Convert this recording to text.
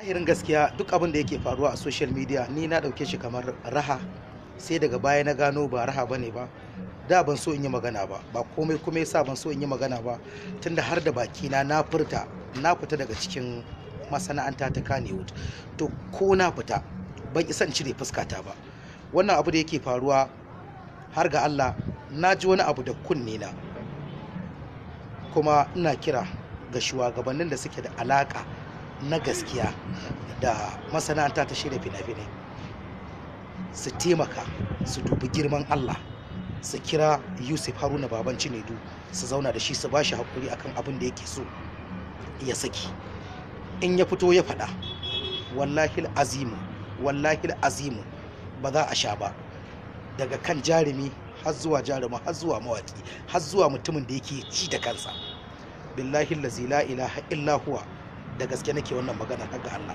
zahirin gaskiya duk abin da yake faruwa a social media ni na dauke shi kamar raha sai daga baya na gano ba raha bane ba da ban so in yi magana ba ba komai kuma yasa ban so in yi magana ba tunda har da baki na na furta na fita daga cikin masana'anta ta kaniwood to ko na fita ban isa in cire fuskata ba wannan abu da yake faruwa har ga Allah na ji wani abu da kunne na kuma ina kira ga shugabannin da suke da alaka na gaskiya da masana'anta ta shirya fina-finai su taimaka su dubi girman allah su kira yusuf haruna baban cinedu su zauna da shi su ba shi haƙuri akan abin da yake so ya saki in ya fito ya faɗa wallahi azimu wallahi azimu ba za a sha ba daga kan jarumi har zuwa jarumi har zuwa mawaƙi har zuwa mutumin da yake ci da kansa billahi lazi la ilaha illa da gaske nake wannan magana har ga Allah